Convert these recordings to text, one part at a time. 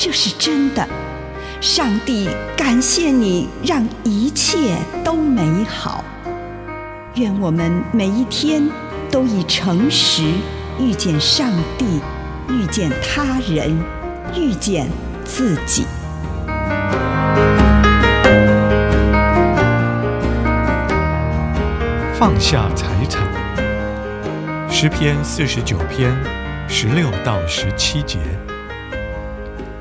這是真的，上帝感謝你讓一切都美好。願我們每一天都以誠實遇見上帝，遇見他人，遇見自己。放下財產，詩篇四十九篇十六到十七節。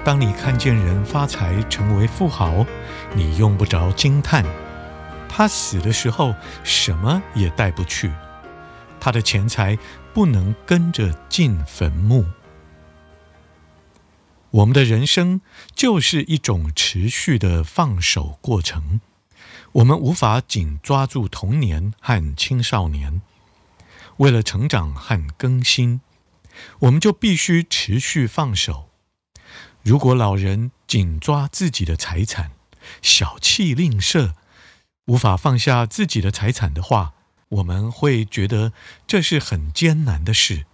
當你看見人發財成為富豪，你用不着驚嘆。他死的時候什麼也帶不去，他的錢財不能跟着進墳墓。我們的人生就是一種持續的放手過程。我們無法緊抓住童年和青少年，為了成長和更新，我們就必須持續放手。如果老人緊抓自己的財產，小氣吝嗇，無法放下自己的財產的話，我們會覺得這是很艱難的事。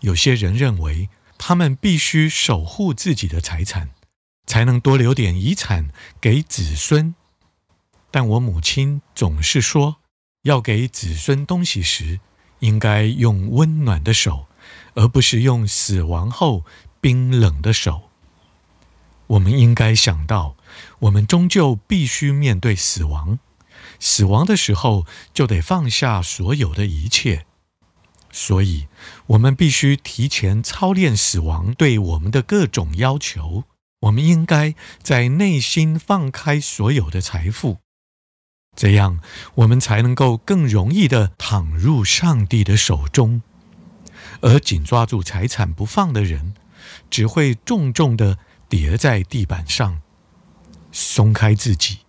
有些人認為他們必須守護自己的財產，才能多留點遺產給子孫。但我母親總是說，要給子孫東西時，應該用溫暖的手，而不是用死亡後冰冷的手。我們應該想到，我們終究必須面對死亡。死亡的時候就得放下所有的一切，所以我們必須提前操練死亡對我們的各種要求。我們應該在內心放開所有的財富，這樣我們才能夠更容易的躺入上帝的手中。而緊抓住財產不放的人，只會重重的。別在地板上，鬆開自己，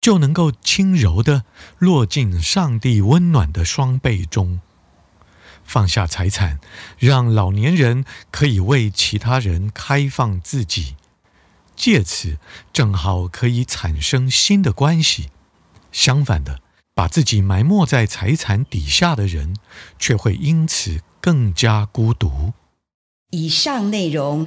就能夠輕柔地落進上帝溫暖的雙臂中。放下財產，讓老年人可以為其他人開放自己，借此正好可以產生新的關係。相反的，把自己埋沒在財產底下的人，卻會因此更加孤獨。以上內容，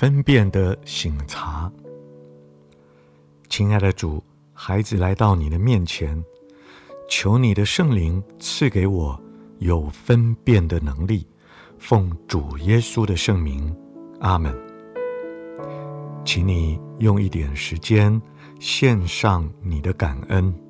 分辨的省察。親愛的主，孩子來到你的面前，求你的聖靈賜給我有分辨的能力。奉主耶穌的聖名，阿門。請你用一點時間獻上你的感恩。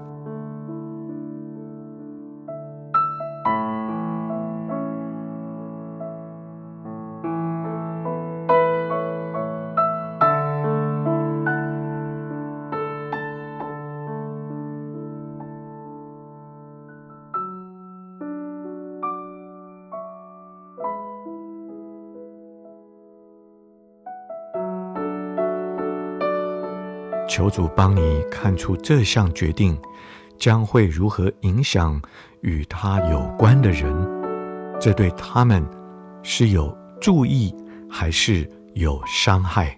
主幫你看出這項決定將會如何影響與他有關的人，這對他們是有助益還是有傷害？